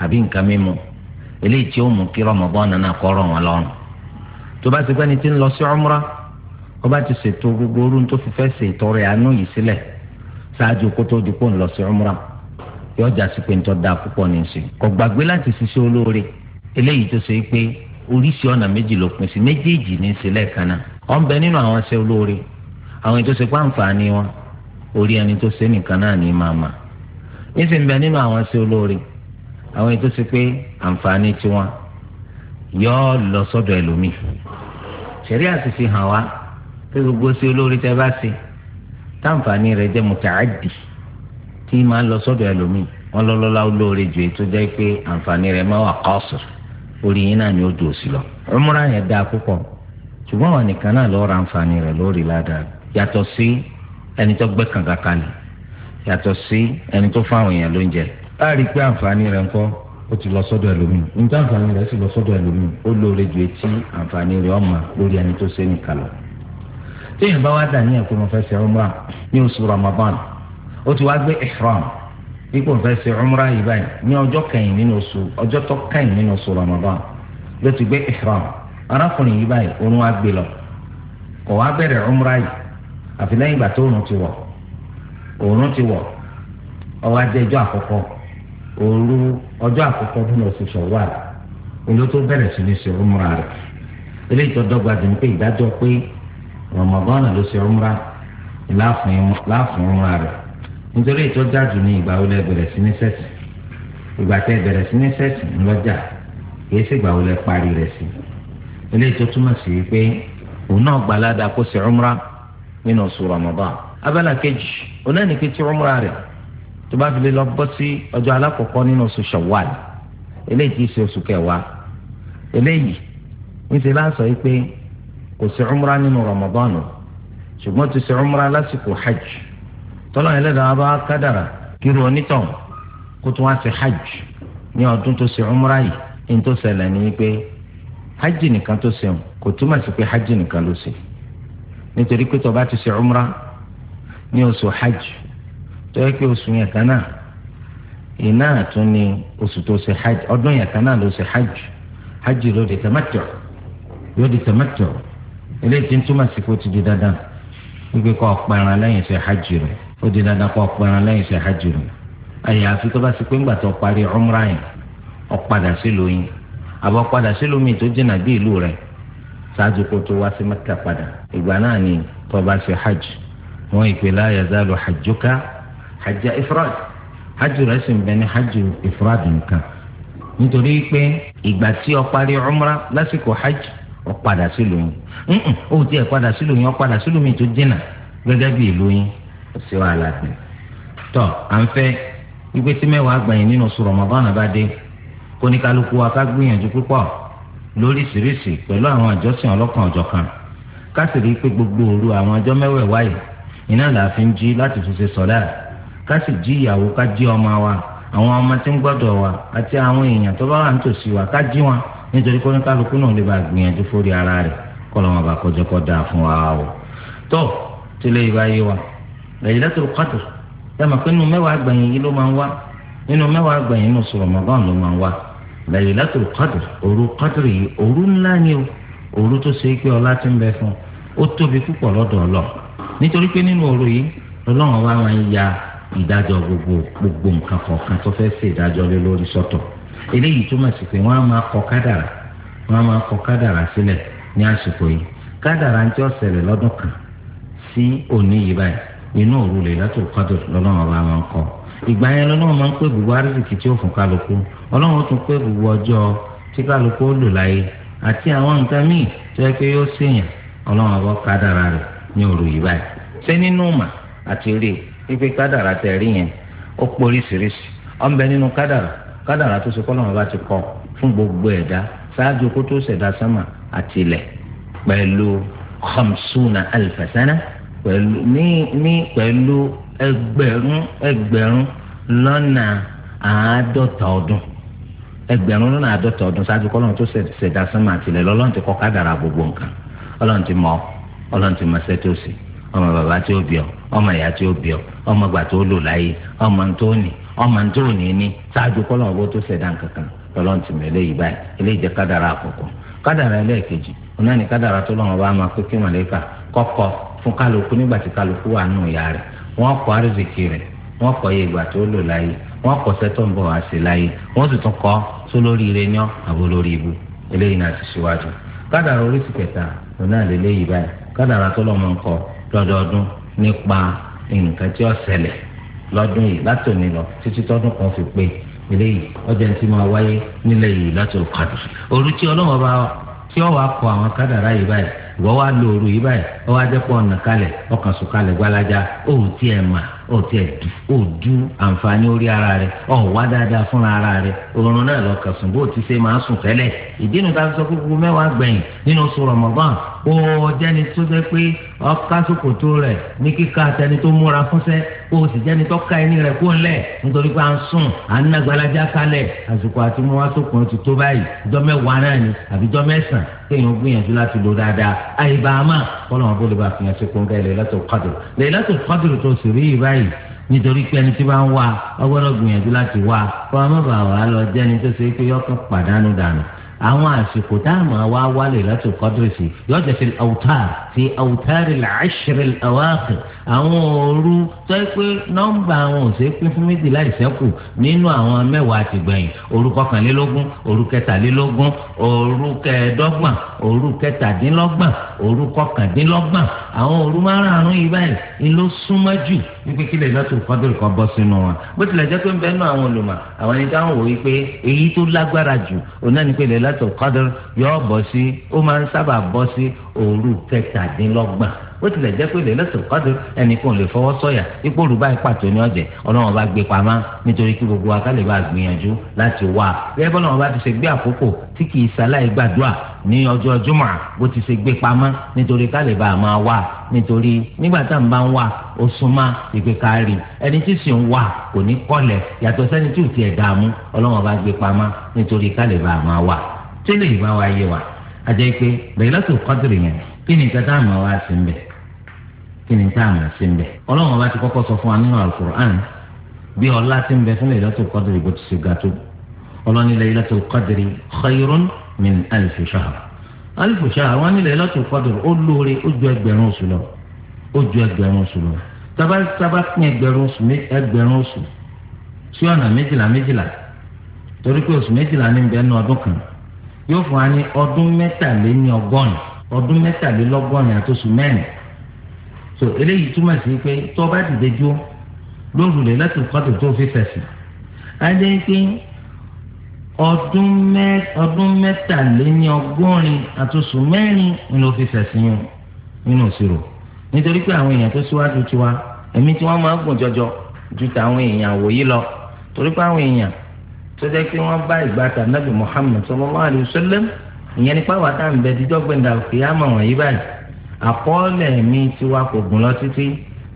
àbí nǹkan mímu eléyìí tí ó mú kí rọmọbọ́ọ̀nù náà kọ́ rọ̀ wọn lọ́rùn tó bá ti gbẹ́ni tí ń lọ sí ọmúra ó bá ti ṣètò gbogbo orú tó fi fẹ́ ṣe ìtọrẹ àánú yìí sílẹ̀ ṣáájú kó tó di kó ń lọ sí ọmúra yóò já sí pé da púpọ̀ ní sí kò gbàgbé láti ṣiṣẹ́ olóore eléyìí tó ṣe pé oríṣi ọ̀nà méjì ló sí méjèèjì ní lẹ́ẹ̀kan náà ń bẹ nínú àwọn ṣe olóore àwọn ètò ṣe pàǹfààní wọn orí ẹni tó ṣe àwọn ètò sí pé àǹfààní tiwọn yóò lọ sọ́dọ̀ ẹlòmíì ṣẹ̀rí àṣìṣe hàn wá pé gbogbo sí olórí tẹ́ bá ṣe táǹfààní rẹ̀ jẹ́ mùtàádì tí máa ń lọ sọ́dọ̀ ẹlòmíì wọ́n lọ́lọ́lá olóore ju ètò jẹ́ pé àǹfààní rẹ̀ máa wà kọ́ọ̀sù orí yín náà ni ó dùn sí lọ. ọmọọ̀rá yẹn dáa púpọ̀ ṣùgbọ́n wà nìkan náà lọ́ọ́ ra àǹfààní rẹ̀ lórí ládàá yàtọ̀ sí ẹni tó gbẹ́ kàǹkà kalẹ̀ sí ẹni tó fáwọn èèyàn lóúnjẹ láàrin pé àǹfààní rẹ̀ ńkọ́ ó ti lọ sọ́dọ̀ ẹlòmíì níta àǹfààní rẹ̀ sì lọ sọ́dọ̀ ẹlòmíì ó lóore ju etí àǹfààní rẹ̀ ọ̀ma lórí ẹni tó ṣe nìkan lọ. bá wá dà ní ọmọ ní oṣù Ramadan ó ti wá gbé ipò yìí ti gbé arákùnrin yìí báyìí òun wá gbé lọ kò wá bẹ̀rẹ̀ yìí òru ọjọ́ àkọ́kọ́ nínú oṣù Ṣawwal olú tó bẹ̀rẹ̀ sí ní ṣe rẹ̀ eléyìí dọ́gba dì ní pé ìdájọ́ pé Ramadan ló ṣe umra láàfin rẹ̀ nítorí ìtọ́jà ní ìgbà wọlé bẹ̀rẹ̀ sí ní sẹ́sì ìgbà tẹ bẹ̀rẹ̀ sí ní sẹ́sì ńlọ́jà kìí sì gbà parí rẹ̀ sí eléyìí tó túmọ̀ sí pé òun náà gbalada kó ṣe nínú abala kejì rẹ̀ tó bá fi lè lọ bọ́ sí ọjọ́ alákọ̀ọ́kọ́ nínú oṣù Shawwal eléyìí ti ṣe oṣù kẹwàá eléyìí níṣẹ́ láǹsọ̀ yìí pé kò sí umra nínú Ramadan ṣùgbọ́n ti ṣe umra lásìkò hajj tọ́lá yẹn lẹ́dàá bá kádàrà kíru onítàn kó tó wá ṣe hajj ní ọdún tó ṣe umra yìí ní tó ṣẹlẹ̀ ní pé hajj nìkan tó ṣe kò túmọ̀ sí pé hajj nìkan ló ṣe nítorí pé tó bá ti ṣe umra ní oṣù hajj tó yẹ kí oṣù yẹn kan náà iná àtún ni oṣù tó ṣe hajj ọdún yẹn kan náà ló ṣe hajj hajj ló di tamattu yóò di tamattu eléyìí tí ń túmọ̀ sí kó ti di dandan wípé kọ́ ọ̀pẹ̀ràn lẹ́yìn ṣe hajj rẹ̀ ó di dandan kọ́ ọ̀pẹ̀ràn lẹ́yìn ṣe hajj rẹ̀ àyàfi tó bá ṣe pé ńgbà tó parí umrah yẹn ó padà sílùú yín àbọ̀ padà sílùú mi tó jìnnà bí ìlú rẹ̀ ṣáájú kó tó wá sí Mẹ́kà padà ìgbà náà ni tó bá ṣe hajj wọn ìpè hajj ifrad hajj rẹ̀ sì ń bẹ ní hajj ifrad nìkan nítorí pé ìgbà tí ó parí umra lásìkò hajj ó padà sílùú yín ó ti ẹ̀ padà sílùú yín ó padà sílùú mi tó dínà gẹ́gẹ́ bí ìlú yín ó sì wà ládùn tọ́ à ń fẹ́ wípé tí mẹ́wàá gbẹ̀yìn nínú oṣù Ramadan bá dé kóníkálukú wa ká gbìyànjú púpọ̀ lóríṣiríṣi pẹ̀lú àwọn àjọsìn ọlọ́kan ọ̀jọ̀kan ká sì rí i pé gbogbo òru àwọn ọjọ́ mẹ́wẹ̀ẹ̀wá yìí iná là á fi ń jí láti fi ṣe sọ́lá ká sì jí ìyàwó ká jí ọmọ wa àwọn ọmọ tí ń gbọ́dọ̀ wa àti àwọn èèyàn tó bá wà nítòsí wa ká jí wọn nítorí pé oníkálukú náà lè bá gbìyànjú fórí ara rẹ̀ kọ́ lọ́mọ bá kọjọ́ kọ́ dáa fún wa o. tó tilẹ̀ ìbá yé wa Laylatul Qadr dáàmà pé nínú mẹ́wàá gbẹ̀yìn yìí ló máa ń wá nínú mẹ́wàá gbẹ̀yìn nínú Ramadan ló máa ń wá Laylatul Qadr òru Qadr yìí òru ńlá wa máa ya ìdájọ́ gbogbo gbogbo nǹkan kọ̀ọ̀kan tó fẹ́ ṣe ìdájọ́ lé lórí sọ́tọ̀ eléyìí túmọ̀ sí pé wọ́n á máa kọ kádàrà wọ́n á máa kọ kádàrà sílẹ̀ ní àsìkò yìí kádàrà ń tí ó ṣẹlẹ̀ lọ́dún kan sí òní yìí báyìí inú òru lè látò kádò ọba máa ń ìgbà yẹn ń pè gbogbo tí ó fún kálukú ọlọ́run tún pè gbogbo ọjọ́ tí kálukú ó lò láyé àti àwọn nǹkan míì tó yẹ pé yóò ṣèyàn ọlọ́run ọba kádàrà rẹ̀ ní òru yìí báyìí ṣé ife kadara tẹ̀ rí yẹn ó poríṣiríṣi ọ̀nbẹ nínú kadara kádàrà tó ṣe kọ́lọ́mọ bá ti kọ fún gbogbo ẹ̀dá ṣáájú kó tó ṣẹ̀dá sánmà àti ilẹ̀ pẹ̀lú khamsuna alifasana pẹ̀lú ní ní pẹ̀lú ẹgbẹ̀rún ẹgbẹ̀rún lọ́nà àádọ́ta ọdún ẹgbẹ̀rún lọ́nà àádọ́ta ọdún ṣáájú kọ́lọ́run tó ṣẹ̀dá sánmà àti ilẹ̀ lọ́lọ́run ti kọ kadara gbogbo nǹkan ọlọrun ti mọ ọlọrun ti mọ ṣẹ́ tó ṣe ọmọ bàbá tí ó bí ọ ọmọ ìyá tí ó bí ọ ọmọ ìgbà tó lò láyé ọmọ tó ní ọmọ tó ní ní ṣáájú kọ́ lọ́wọ́ tó ṣẹ̀dá kankan lọ́lọ́run ti mọ eléyìí báyìí eléyìí jẹ́ kádàrà àkọ́kọ́ kádàrà ẹlẹ́ẹ̀kejì ọ̀nà ni kádàrà tó lọ́wọ́ bá máa pé kí màlẹ́kà kọ́kọ́ fún kálukú nígbà tí kálukú wà nù ìyá rẹ̀ wọ́n kọ́ àrísìkí rẹ̀ wọ́n kọ́ iye ìgbà tó lò láyé wọ́n kọ́ sẹ́tọ̀ ń bọ̀ wá sí láyé wọ́n sì tún kọ́ sólórí ire ní àbó lórí ibu eléyìí náà ti ṣíwájú kádàrà oríṣi kẹta ọ̀nà àlélẹ́yìí báyìí kádàrà tó lọ́wọ́ lọ́dọọdún nípa nǹkan tí ó ṣẹlẹ̀ lọ́dún yìí láti òní lọ títí tọ́dún kan fi pé eléyìí ọjà tí máa wáyé nílẹ̀ yìí láti òkàdùn òru tí ọlọ́wọ́ bá tí ó wàá kọ àwọn kádàrá yìí báyìí ìwọ wa lo òru yìí báyìí ọ wá jẹ́ pọ̀ ọ̀nà kalẹ̀ ọkàn sùn kalẹ̀ gbalaja ó ti ẹ̀ mà ó ti ẹ̀ ó du àǹfààní orí ara rẹ̀ ọ̀ wá dáadáa fúnra ara rẹ̀ oorun náà lọ́kàn sùn bó ti ṣe máa sùn tẹ́lẹ̀ ta sọ kúkú mẹ́wàá gbẹ̀yìn nínú oṣù Ramadan ó jẹ́ni tó jẹ́ pé rẹ̀ kó o sì jẹ́ni tó ka ẹni rẹ̀ kó ń lẹ̀ nítorí pé à ń sùn à ń nàgbàlájà kalẹ̀ àsìkò àti mú wá sókun ti tó báyìí ìjọ́ mẹ́wàá náà ni àbí ìjọ́ mẹ́sàn kéèyàn gbìyànjú láti lò dáadáa àyíbáàmà kọ́lọ́mọ bó lè bá fi hàn sí kóńgá Laylatul Qadr Laylatul Qadr tó sì rí ìbáyìí nítorí pé ẹni tí bá ń wá ọgbọ́dọ̀ gbìyànjú láti wá kọ́ ọ àwọn àsìkò tá a máa wá wálé láti kọ́dúrì sí yóò jẹ́ fi awtar fi awtari al-ashr al-awakhir àwọn òru tó yẹ pé nọ́mbà àwọn ò ṣe é pín fún méjì láì ṣẹ́kù nínú àwọn mẹ́wàá àtìgbẹ̀yìn òru kọkànlélógún òru kẹtàlélógún òru òru kẹtàdínlọ́gbọ̀n òru kọkàndínlọ́gbọ̀n àwọn òru márààrún yìí báyìí ni ló súnmọ́ jù wípé kí Laylatul Qadr kó bọ́ sínú wọn bó tilẹ̀ jẹ́ pé ń bẹ́ẹ̀ nú àwọn olùmọ̀ àwọn ẹni táwọn wò wípé èyí tó lágbára jù òun náà ni pé Laylatul Qadr yóò bọ́ sí ó máa ń sábà bọ́ sí òru kẹtàdínlọ́gbọ̀n ó tilẹ̀ jẹ́ pé lẹ́lẹ́sìn kọ́dù ẹnìkan lè fọwọ́ sọ̀yà ipò olùbá ìpàtó ní ọ̀jẹ̀ ọlọ́run bá gbé pamá nítorí kí gbogbo wa bá gbìyànjú láti wá bẹ́ẹ̀ bọ́lá wọn bá ti ṣe gbé àkókò tí kì í ṣaláì gbàdúrà ní ọjọ́ jùmọ̀ bó ti ṣe gbé pamọ́ nítorí ká lè bá a máa wà nítorí nígbà tá à ń bá ń wà ó súnmọ́ ìgbé kárí ẹni tí sì ń wà kò ní kọ́lẹ̀ yàtọ̀ sẹ́ni tí ò tiẹ̀ dààmú ọlọ́wọ́n bá gbé pamọ́ nítorí ká máa wà tí lè bá wa yé wa a jẹ́ pé Laylatul Qadr yẹn kí ni nǹkan tá à máa wá sí ń bẹ̀ kí ni tá à sí ń bẹ̀ ọlọ́wọ́n bá ti kọ́kọ́ Al-Qur'an bí ọlá ti ń bẹ fún Laylatul Qadr bó ti ṣe ga min alifu shahar alifu shahar wọn nílẹ̀ lọ́tò kọ́dọ̀ ó lóore ó ju ẹgbẹ̀rún oṣù lọ ó ju ẹgbẹ̀rún oṣù lọ tábà tábà pín ẹgbẹ̀rún oṣù ẹgbẹ̀rún oṣù sí ọ̀nà méjìlá méjìlá torí pé oṣù méjìlá ní bẹ́ẹ̀ ní ọdún kan yóò fún wa ní ọdún mẹ́tàléní ọgọ́rin ọdún mẹ́tàlélọ́gọ́rin àti mẹ́rin so eléyìí túmọ̀ sí pé tó dìde jó lóru lè lọ́tò kọ́dọ̀ tó fi fẹ̀sìn á dé pé ọdún mẹ́tàléní ọgọ́rin àtúnṣù mẹ́rin nínú òfin fẹ̀sìn yìí nínú òṣèrò nítorí pé àwọn èèyàn tó síwájú tiwa ẹ̀mí tí wọ́n máa ń gùn jọjọ ju tàwọn èèyàn àwòyí lọ torí pé àwọn èèyàn tó jẹ́ pé wọ́n bá ìgbà tànàbì Muhammad sallallahu alaihi wasallam ìyẹn nípa wà tá à ń bẹ dídọ́ gbẹ̀ndà kìyàmọ̀ wọ̀nyí báyìí àkọọ́lẹ̀ mi tiwa kò gùn lọ títí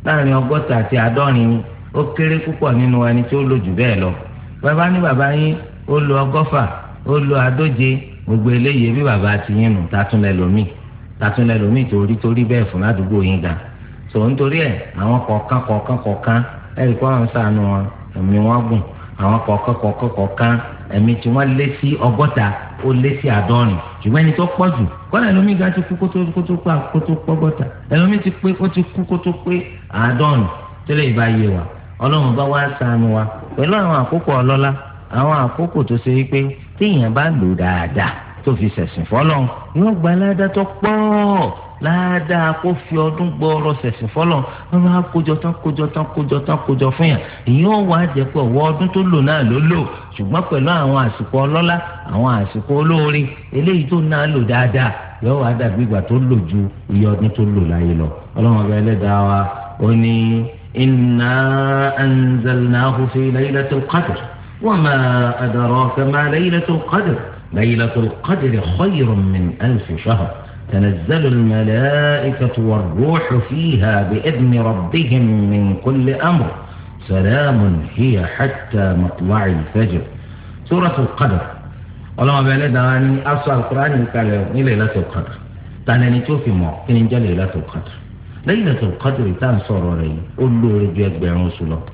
láàrin ọgọ́ta àti àádọ́rin ó kéré púpọ̀ nínú ẹni tó lò jù bẹ́ẹ̀ lọ bàbá ní bàbá yín ó lo ọgọ́fà ó lo àádóje gbogbo eléyìí bí bàbá ti yín nù tatúnlẹ̀ lómi tatúnlẹ̀ lómi torí torí bẹ́ẹ̀ fún ládùúgbò yín ga tó nítorí ẹ̀ àwọn kọ̀ọ̀kan kọ̀ọ̀kan kọ̀ọ̀kan ẹ̀rí kó àwọn sànù wọn ẹ̀mí wọn gùn àwọn kọ̀ọ̀kan kọ̀ọ̀kan kọ̀ọ̀kan ẹ̀mí tí wọ́n lé sí ọgọ́ta ó lé sí àádọ́rin ṣùgbọ́n ẹni tó pọ̀ jù kọ́lá ẹlòmí ga ti kú kótó kótó pé ó ti wa ọlọ́run wa pẹ̀lú àwọn àkókò ọlọ́lá àwọn àkókò tó ṣe wípé téèyàn bá lò dáadáa tó fi ṣẹ̀sìn fọ́lọ́run yóò gba ládàá tó pọ̀ ládàá kó fi ọdún gbọọrọ ṣẹ̀sìn fọ́lọ́run wọn máa kójọ tán kójọ tán kójọ tán kójọ fún yàn èyí ó wá jẹ pé ọwọ́ ọdún tó lò náà ló lò ṣùgbọ́n pẹ̀lú àwọn àsìkò ọlọ́lá àwọn àsìkò olóore eléyìí tó náà lò dáadáa yóò wá dàbí ìgbà tó lò ju iye ọdún tó lò láyé lọ ọlọ́run ọba ẹlẹ́dàá wa ó ní inna anzalnahu fi laylatil qadr وما أدراك ما ليلة القدر ليلة القدر خير من ألف شهر تنزل الملائكة والروح فيها بإذن ربهم من كل أمر سلام هي حتى مطلع الفجر سورة القدر ولما بلد عن أصل القرآن يقول ليلة القدر تعني توفي مع ليلة القدر ليلة القدر تنصر ري قل له رجيك بعنسلك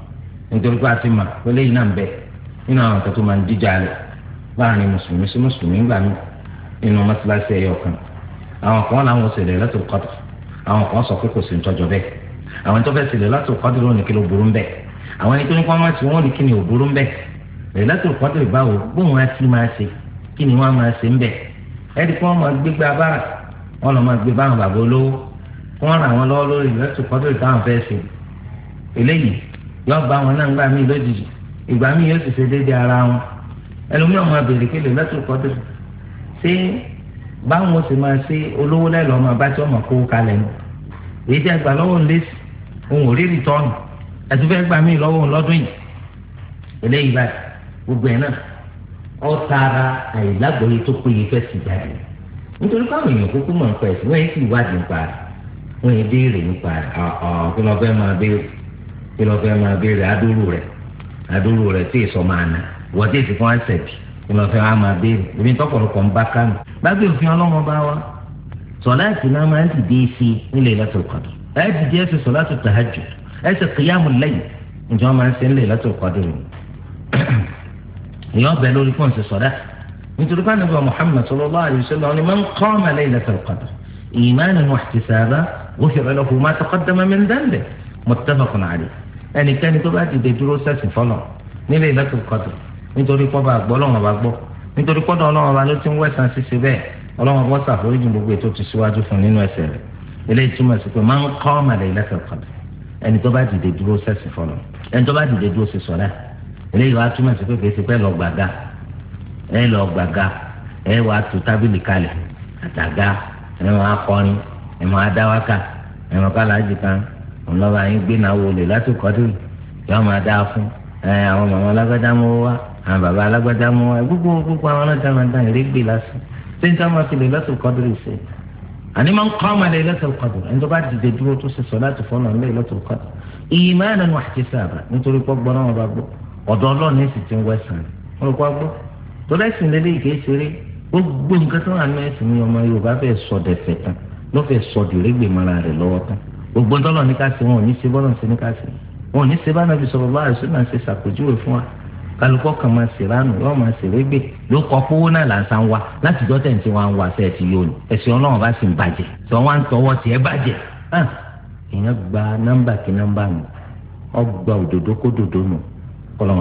nítorí pé a ti mà pé lẹ́yìn náà ń bẹ nínú àwọn kan tó máa ń díjà lẹ̀ láàrin mùsùlùmí sí mùsùlùmí ńgbà mí nínú mọ́sálásí ẹ̀yọ̀ kan àwọn kan láwọn ṣẹlẹ̀ láti kọ́tù àwọn kan sọ pé kò sí ntọ́jọ́ bẹ́ẹ̀ àwọn tó fẹ́ ṣẹlẹ̀ láti kọ́tù lónìí kí ló burú ń bẹ̀ àwọn ẹni tó ní kí wọ́n máa ṣe wọ́n ní kí ni ò burú ń bẹ̀ láti kọ́tù ìbáwò bóun á ti máa ṣe kí yóò bá wọn náà gbà mí lójijì ìgbà mí yóò sì ṣe déédéé ara wọn ẹlòmíràn máa bèrè kí lè lọ́tún kọ́ tó ṣe báwọn sì máa ṣe olówó lẹ́lọ́ máa bá tí wọ́n máa kówó kalẹ̀ ní èyí tí ẹgbà lọ́wọ́ ń lé ohun ò rí rìtọ́ọ̀nù ẹtù fẹ́ gbà mí lọ́wọ́ lọ́dún yìí eléyìí báyìí gbogbo ẹ̀ náà ọ tara àìlágbòye tó péye fẹ́ sì jáde nítorí káwọn èèyàn kúkú mọ̀ nípa ẹ̀sìn wọ́n yẹn sì wádìí nípa rẹ̀ wọ́n yẹn béèrè nípa rẹ̀ ọ̀ọ́ kí lọ́ fẹ́ máa béèrè kí lọ́ọ́ fẹ́ máa béèrè adúrú rẹ̀ adúrú rẹ̀ tí ìsọ máa nà wọ́n tí èsì fún àṣẹ̀bì kí lọ́ọ́ fẹ́ máa béèrè èmi tọ́pọ̀lọpọ̀ ń bá kánú. gbàgbé òfin ọlọ́run bá wa sọ̀láàtì náà máa ń ti dé sí i nílé lailatul qadr ẹ ti ẹ ṣe sọ̀láàtì tahajjud ẹ ṣe qiyamul layl ǹjẹ́ wọ́n máa ń ṣe nílé lailatul qadr rẹ̀ èèyàn bẹ lórí fún ṣe متفق عليه ẹnikẹ́ni tó bá dìde dúró sẹ́sìn fọlọ̀ nílé ìlẹ́kùn kọ̀tù nítorí pọ́ba àgbọ̀ lọ́wọ́n bá gbọ́ nítorí pọ́dọ̀ ọlọ́wọ́n bá ló ti ń wẹ̀sán ṣíṣe bẹ́ẹ̀ ọlọ́wọ́n bọ́ sàforíjì gbogbo ètò ti síwájú fún nínú ẹsẹ̀ rẹ̀ eléyìí túmọ̀ sí pé máa ń kọ́ màlẹ̀ ìlẹ́kùn kọ̀tù ẹni tó bá dìde dúró sẹ́sìn fọlọ̀ ẹni tó bá dìde dúró ṣe sọ̀rọ̀ eléyìí wá túmọ̀ sí pé kìí ṣe pé lọ gbàgà ẹ lọ máa kọrin ẹ máa dáwákà ẹ máa kálá ọlọ́ba yín gbé náà wọlé láti kọ́dù yóò máa dáa fún àwọn màmá alágbádá mọ́ wá àwọn bàbá alágbádá mọ́ wá gbogbo gbogbo àwọn ọlọ́dà máa dá ìrégbè lásán ṣé n táwọn fi lè lọ́sọ̀ kọ́dù rẹ̀ ṣe àní máa ń kọ́ ọmọ ilé lọ́sọ̀ kọ́dù ẹni tó bá dìde dúró tó ṣe sọ láti fọ́nà máa àti sábà nítorí pọ́ gbọ́n náà bá gbọ́ ọlọ́ọ̀ni sì ti ń gbogbo ńlọ́lọ́ ní ká sí wọn ò ní ṣe bọ́lọ̀ ṣe ní ká sí wọn ò ní ṣe bánàbí sọ̀rọ̀ bá àìsàn náà ṣe fún wa kálukọ́ kan máa ṣe ránù yóò máa ṣe régbè ló kọ́ kówó náà là ń san wa láti eti tẹ̀ǹtì wa ń wa ṣe ti yóò ní ẹ̀sìn ọlọ́run bá sì ń bàjẹ́ tí wá ń tọwọ́ bàjẹ́ gba kí kó kọ́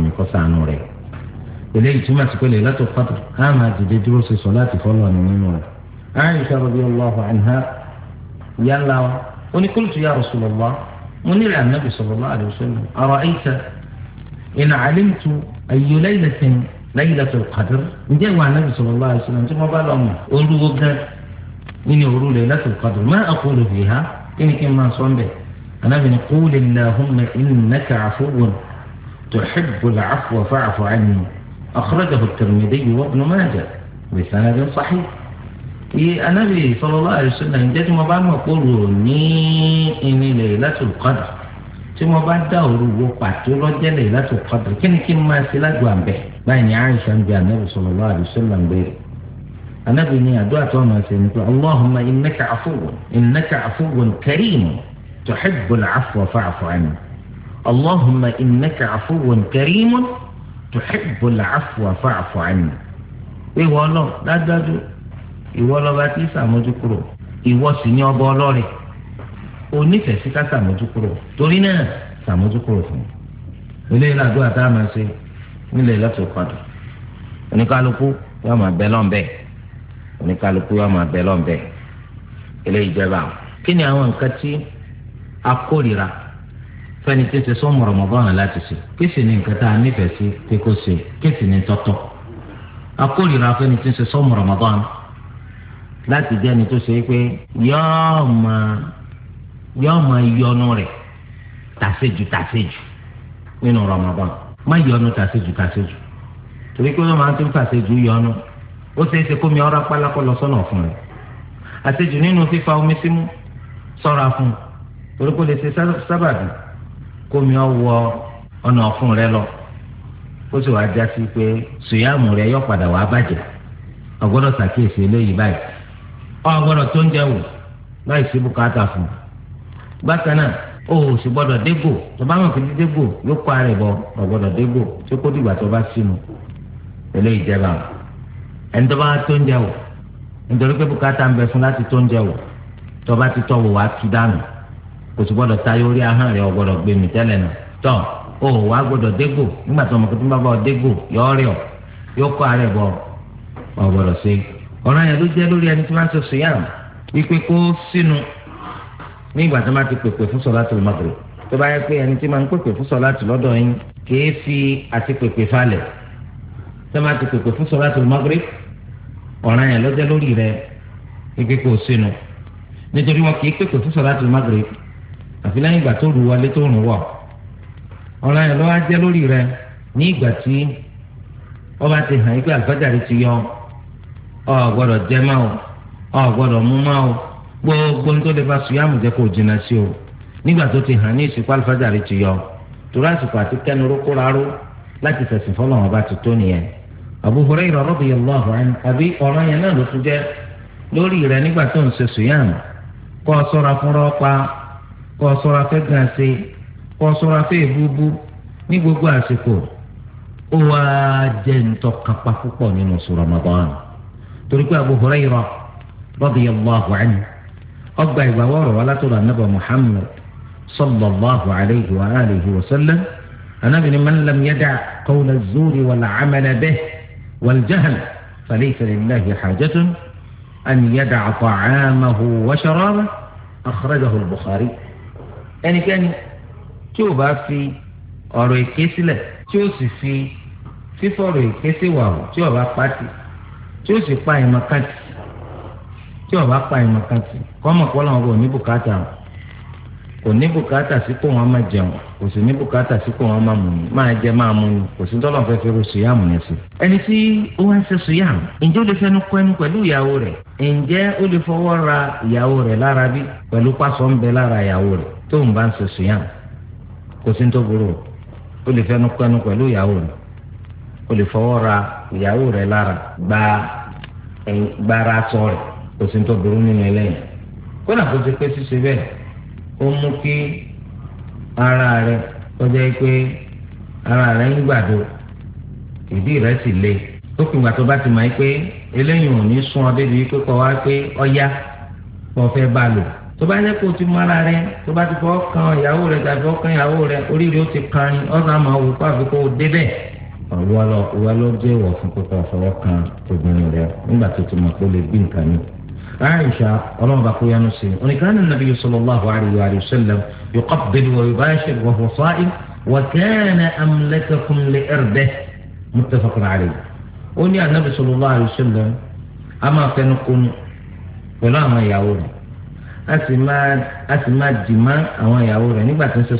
mi kọ́ وني قلت يا رسول الله وني إلى النبي صلى الله عليه وسلم أرأيت إن علمت أي ليلة ليلة القدر ǹjẹ́ مع النبي صلى الله عليه وسلم ثم قال bá أولو mọ̀ òru ليلة القدر ما أقول فيها إني كما kí به أنا sọ قول اللهم إنك عفو تحب العفو فاعف عني أخرجه الترمذي وابن ماجه بسند صحيح iye anábì sallallahu alaihi wasallam ǹjẹ́ tí mo bá mọ̀ pé òru ní ìnílẹ̀ Lailatul Qadr tí mo bá dá òru wo pàtó lọ́jẹ́ Lailatul Qadr kí ni kí n máa ṣe lágbo àbẹ̀ báyìí ni Aisha ń bi anábì sallallahu alaihi wasallam béèrè anábì ní àdúrà tó máa ṣe ni pé Allahumma innaka afuwun innaka afuwun karimun tuhibbul afwa fa'fu anni Allahumma ìwọ lọba tí sàmójúkúrò ìwọ sì ní ọba ọlọ́rẹ̀ onífẹ̀ẹ́ sí ká sàmójúkúrò torí náà sàmójúkúrò fún mi eléyìí làdúrà tá a máa ṣe nílẹ̀ lọ́tò padà oníkálukú yóò máa bẹ lọ́nbẹ́ oníkálukú yóò máa bẹ lọ́nbẹ́ eléyìí jẹba o kí ni àwọn nǹkan tí a kórìíra fẹ́ni tí ti sọ́mu Ramadan láti ṣe kí sì ni nǹkan tá a nífẹ̀ẹ́ sí pé kó ṣe kí sì ni tọ́tọ́ a kórìíra fẹ́ni tí ti sọ́mu Ramadan láti jẹ́ni tó ṣe pé yọ́ọ́ máa yọ́ọ́ máa yọnu rẹ̀ tàṣejù tàṣejù nínú Ramadan má yọnu tàṣejù tàṣejù torí pé wọ́n máa tún tàṣejù yọnu ó ṣeé ṣe kó mi ọ̀rá pálákọ́ lọ sọ́nà fún rẹ̀ àṣejù nínú fífa omi símú sọ́ra fún torí kó lè ṣe sábàbí kó mi ọ wọ ọ̀nà ọ̀fun rẹ lọ ó sì wá já sí pé sùyàmù rẹ yọ padà wàá bàjẹ́ ọgbọ́dọ̀ ṣàkíyèsí eléyìí báyìí ọ gbọ́dọ̀ tó ń jẹ wò láì sí bùkátà fún un náà o ò sì gbọ́dọ̀ dégò tó bá wọn kì dégò yóò ara ẹ ọ gbọ́dọ̀ dégò tó kó dìgbà tó bá sínú ilé ìjẹba ẹni tó bá tó ń jẹ wò nítorí pé ń bẹ fún láti tó ń jẹ wò tó bá ti tọ́ wá tú dànù kò sì ahọ́n rẹ ọ o ò ara ọ̀ràn yẹn ló jẹ́ lórí ẹni tí wọ́n ń ṣe sùyàm wípé kó sínú ní ìgbà tó máa ti pèpè fún sọ̀láàtì Maghrib tó bá yẹ pé ẹni tí máa ń pèpè fún sọ̀láàtì lọ́dọ̀ yín kìí fi àti pèpè falẹ̀ tó máa ti pèpè fún sọ̀láàtì Maghrib ọ̀ràn yẹn ló jẹ́ lórí rẹ wípé kó sínú nítorí wọn kìí pèpè fún sọ̀láàtì Maghrib àfi lẹ́yìn ìgbà tó rú wọlé tó rùn wọ̀ ọ̀ràn yẹn ló wá jẹ́ lórí rẹ ní ìgbà tí wọ́n bá ti hàn yí pé àlùfáàjà ọ gbọdọ jẹ má o ọ gbọdọ mú má o gbogbo nítorí lè bá sùyàmù jẹ kó jìnnà sí o nígbà tó ti hàn ní ìsìnkú alifájàre ti yọ torí àsìkò àti kẹnuró kóraró láti fẹsìn fọlọ́wọn bá ti tó nìyẹn Abu Hurairah radiyallahu anhu àbí ọ̀ràn yẹn náà ló tún rẹ nígbà tó ń ṣe gàn ní gbogbo àsìkò تركوا أبو هريرة رضي الله عنه أقبع بوار ولا ترى النبي محمد صلى الله عليه وآله وسلم أنا من من لم يدع قول الزور والعمل به والجهل فليس لله حاجة أن يدع طعامه وشرابه أخرجه البخاري يعني كان شوف في أروي كيسلة شوف في في فوري كيسي واو شوف tí ó sì pa ìmọ̀ kan tì tí ó pa ìmọ̀ kan kọ́mọ̀ kọ́lọ́ wọn kò ní bùkátà kò ní bùkátà sí kó wọn máa jẹun kò sì ní bùkátà sí kó wọn máa mú ni máa jẹ máa mú ni kò sí tọ́lọ̀ fẹ́ fẹ́ ro sùyàmù yẹn sí. ẹni tí ó wá ń ṣe sùyàmù ǹjẹ́ ó lè fẹnu kọ ẹnu pẹ̀lú ìyàwó rẹ̀ ǹjẹ́ ó lè fọwọ́ ra ìyàwó rẹ̀ lára bí pẹ̀lú pásọ̀ ń bẹ lára ìyàwó rẹ̀ tó ń bá ń ṣe sùyàmù kò sí tó burú ó lè fẹnu kọ ẹnu pẹ̀lú ìyàwó rẹ̀ ó lè fọwọ́ ra ìyàwó rẹ lára gba gbára sọ rẹ kò sí tó burú nínú ẹlẹ́yìn kódà kó ti pé ṣíṣe bẹ́ẹ̀ ó mú kí ara rẹ kọjá pé ara rẹ ń gbàdo ìdí rẹ sì le ó kí ìgbà tó bá ti mọ̀ pé eléyìí ò ní sún ọ débi pé kọ́ wá pé ọ̀yá kọ́ fẹ́ bá lò tó bá yẹ kó o ti mọ ara rẹ tó bá ti fọ́ kan ìyàwó rẹ tàbí ọkàn ìyàwó rẹ oríire ó ti kan ọ̀sán máa wò kó àfikún ó débẹ̀ ìwà ló jẹ́ ìwọ̀ fún pípa ọ̀fọwọ́ kan obìnrin rẹ nígbà tó ti mọ̀ pé ó lè gbé nǹkan mi. Aisha ọlọ́run bá kó yánu sí i oníkanna nàbí sallallahu alayhi wa sallam yuqabbil wa yubashir wa huwa sa'im wa kana amlakakum li irbihi muttafaqun alayhi. ó ní anabi sallallahu alayhi wa sallam a máa fẹnu kunu pẹ̀lú máa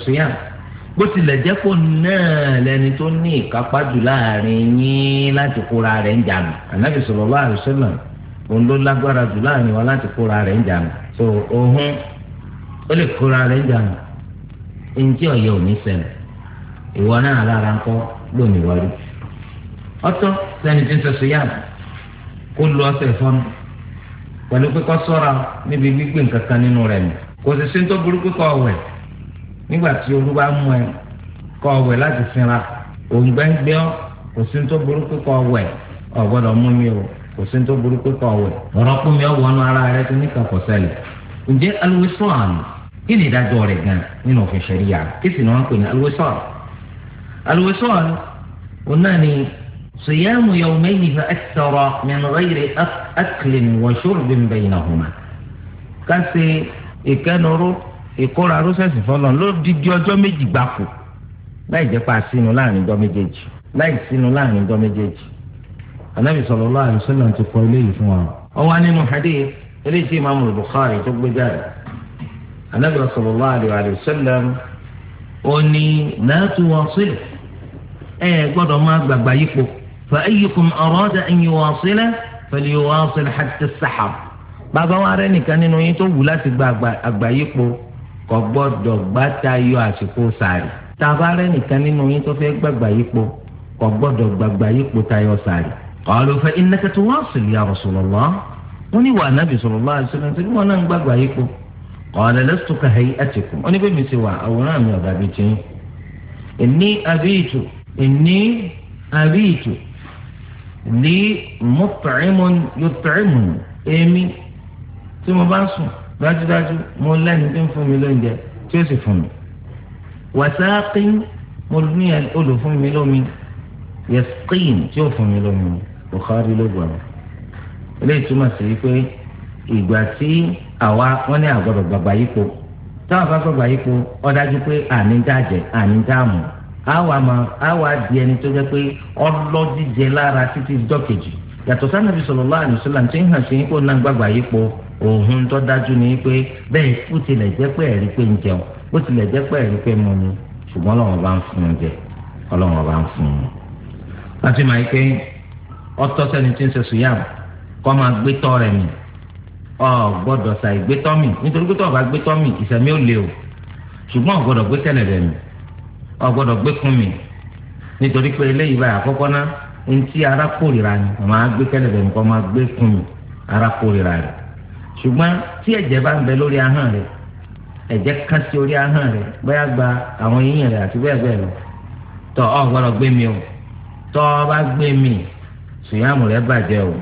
dì bó tilẹ̀ jẹ́ kó náà lẹni tó ní ìkápá jù láàrin yín láti kóra rẹ̀ ń jànú ànábì sallallahu alaihi wasallam òun ló lágbára jù láàrin wa láti kóra rẹ̀ ń jànú so òun ó lè kóra rẹ̀ ń jànú ntí ọ̀yẹ́ òní ṣẹlẹ̀ ìwọ náà lára ńkọ́ lónìí wọlé ọtọ́ sẹ́ni tí ń sọ sọ́yà kó lu ọ̀sẹ̀ fọ́nù pẹ̀lú pé kó sọ́ra níbi gbígbé nǹkan kan nínú rẹ̀ mi kò sì sí ní tó burúkú kọ́ ọ̀wẹ̀ nígbà tí olú bá mú ẹ kọ́ ọ̀wẹ̀ láti sinra òǹgbẹ́ngbẹ́ ọ kò sí ní tó burú pé kọ́ ọ̀wẹ̀ ọ̀gbọ́dọ̀ mú mi o kò sí ní tó burú pé kọ́ ọ̀wẹ̀ ọ̀rọ̀ kún mi ọ̀wọ́ ọ̀nà ara rẹ tó ní kàkọ́ sẹ́lẹ̀ ǹjẹ́ alùwẹ̀sọ̀n kí ni ìdájọ́ rẹ̀ gan nínú òfin ṣẹ̀ríyà kí sì ni wọ́n pè ní alùwẹ̀sọ̀n alùwẹ̀sọ̀n ọ̀nà ni صيام يومين فأكثر من غير أكل وشرب بينهما كسي إكنرو ìkóra rọ́sẹ̀sì fọlọ́ ló didi ọjọ́ méjì gbáko láì jẹ́ pa sínú láàrin ọjọ́ méjèèjì láì sínú láàrin ọjọ́ méjèèjì anabi sallallahu alaihi wasallam ti kọ eléyìí fún wa ó wà nínú hadith eléyìí tí imaamu Bukhari tó gbé jáde anabi sallallahu alaihi wasallam ó ní nàátù wọn sílẹ̀ ẹ gbọ́dọ̀ máa gbàgbà yípo fa ayyukum arada an yuwasila falyuwasil hatta as-sahab bàbá wa rẹ nìkan nínú yín tó wù láti gba àgbáyé po kò gbọ́dọ̀ gbá tayọ àsìkò sààrì tabarẹ nìkan nínú yín tó fẹ́ gbàgbà yípo kò gbọ́dọ̀ gbàgbà yípo tayọ sààrì. qalu fa innaka tuwasil ya Rasulullah wọn ní wà nábì sallallahu alaihi wasallam tí wọn náà ń gbàgbà yípo qala lastu ka hay'atikum wọn ní bẹ́ẹ̀ mi ti wà àwòrán mi ọ̀dà mi ti yín. inni abitu inni abitu li mut'imun yut'imun tí mo bá sùn dájúdájú mo lẹ́ni tí ń fún mi lóúnjẹ tí ó sì fún mi wàsáàkì mo ní olùfún mi lómi yẹsíkìn tí ó fún mi lómi Bukhari ló gbà wọn eléyìí túmọ̀ sí pé ìgbà tí àwa wọn ní àgọ́dọ̀ gbàgbà yípo táwọn bá gbàgbà yípo ó dájú pé àní ń dájẹ àní ń dáàmú àwa máa àwa di ẹni tó jẹ pé ọlọ́jíjẹ lára títí dọ́kejì yàtọ̀ sanabi sallallahu alaihi wasallam tí ń hàn sí ipò náà gbàgbà yípo òhun tó dájú ni pé bẹ́ẹ̀ ó tilẹ̀ jẹ́ pé ẹ̀rí pé ń jẹun ó tilẹ̀ jẹ́ pé ẹ̀rí pé ṣùgbọ́n ọlọ́run bá ń fún un jẹ ọlọ́run bá ń fún un. láti máa mi ọ gbọ́dọ̀ ṣàì gbé tọ́ mi nítorí pé tọ́ ọba gbé tọ́ mi ò o ṣùgbọ́n ọ gbọ́dọ̀ gbé rẹ̀ mi ọ gbọ́dọ̀ gbé mi nítorí pé eléyìí ṣùgbọ́n tí ẹ̀jẹ̀ bá ń bẹ lórí ahọ́n rẹ̀ ẹ̀jẹ̀ kán sí orí ahọ́n rẹ̀ bóyá gba àwọn eyín rẹ̀ àti bẹ́ẹ̀ bẹ́ẹ̀ lọ tọ́ ọ gbọ́dọ̀ gbé mi o tọ́ ọ bá gbé mi sùyàmù rẹ̀ bàjẹ́ o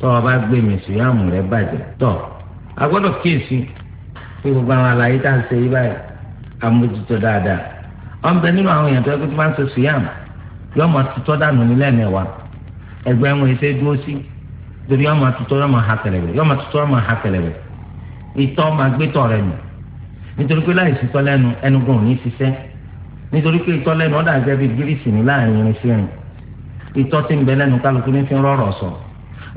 tọ́ ọ bá gbé mi sùyàmù rẹ̀ bàjẹ́ tọ́ a gbọ́dọ̀ kíyèsí pé gbogbo àwọn àlàyé tá à ń ṣe yí báyìí amójútó dáadáa ọ̀n bẹ nínú àwọn èèyàn tó ẹgbẹ́ tó máa ń ṣe sùyàmù yọmọ torí yọọ máa tutọ́ yọọ máa ha kẹlẹ̀bẹ̀ yọọ máa tutọ́ yọọ máa ha kẹlẹ̀bẹ̀ ìtọ́ máa gbé tọ̀ rẹ̀ nù nítorí pé láì sítọ́ lẹ́nu ẹnugun ò ní ṣiṣẹ́ nítorí pé ìtọ́ lẹ́nu ọ̀dà gẹ́gẹ́ bíi gírísì ní láàrin irin sí irin ìtọ́ ti ń bẹ lẹ́nu kálukú ní fi ń rọ̀rọ̀ sọ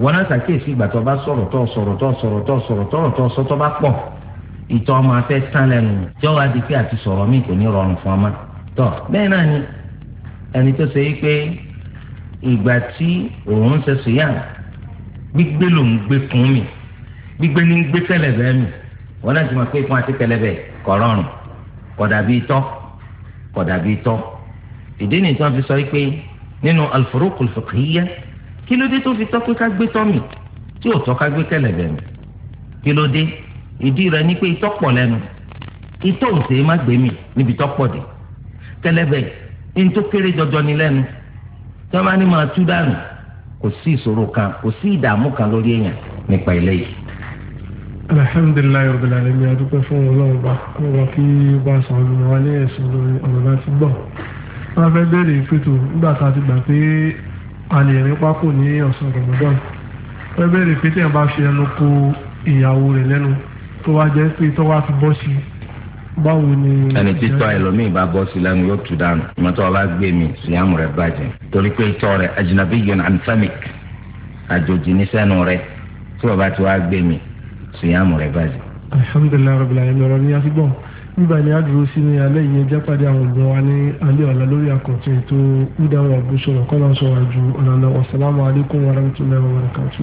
wọn náà ṣàkíyèsí ìgbà tó bá sọ̀rọ̀ tó sọ̀rọ̀ tó sọ̀rọ̀ tó sọ̀rọ̀ tó tó tó bá pọ̀ ìtọ́ máa fẹ́ tán lẹ́nu jọ́wọ́ adi pé àti sọ̀rọ̀ míì kò ní rọrùn fún ọmọ tọ́ bẹ́ẹ̀ náà ni ẹni tó ṣe yí pé ìgbà tí òun ṣe sùn yàrá gbígbé ló ń gbé fún mi gbígbé ní ń gbé tẹlẹbẹ mi wọn náà ti mọ pé fún àti tẹlẹbẹ kò rọrùn kò dàbí itọ́ kò dàbí itọ́ ìdí nìyí tí wọn fi sọ pé nínú al-furuqul fiqhiyya kí ló dé tó fi tọ́ pé ká gbé tọ́ mi tí ò tọ́ ká gbé tẹlẹbẹ mi kí ló dé ìdí rẹ̀ ni pé itọ́ pọ̀ lẹ́nu itọ́ ò sèé má gbé mi níbi tọ́ pọ̀ dé tẹlẹbẹ ní tó kéré jọjọ ni lẹ́nu tí wọn bá ní máa tú dànù kò sí ìṣòro kan kò sí ìdààmú kan lórí èèyàn nípa ilé yìí. alhamdulilayi rabbil alamin adúpẹ́ fún ọlọ́run bá ọlọ́run kí bá a sọ ọlọ́run wa ní ẹ̀sìn lórí ọ̀rọ̀ láti gbọ́. wọ́n fẹ́ bẹ̀rẹ̀ ìfètò nígbà tá a ti gbà pé a lè rí pákó ní ọ̀sán rọ̀mọdọ́n. wọ́n bẹ̀rẹ̀ ìfètò yẹn bá fi ẹnu ko ìyàwó rẹ̀ lẹ́nu tó wá jẹ́ pé tó wá fi bọ́ sí i báwo ni. ẹni títọ́ ẹlòmíì bá bọ́ sí lẹ́nu yóò tú dànù ìmọ̀tọ́ ọba gbé mi síyàmù rẹ̀ bàjẹ́ torí pé ìtọ́ rẹ̀ ajinabi yẹn and famic àjòjì ní sẹ́nu rẹ̀ tí ọba tí wàá gbé mi síyàmù rẹ̀ bàjẹ́. alhamdulilayi rabil alayi ọ̀rọ̀ ni a ti gbọ́ nígbà ni a dúró sí ní alẹ́ yìí ẹjẹ́ pàdé àwọn ògùn wa ní alẹ́ ọ̀la lórí àkọ́tún ètò wúdà àbúṣọ̀rọ̀ kọ́lá sọ̀rọ̀ ju ọ̀nà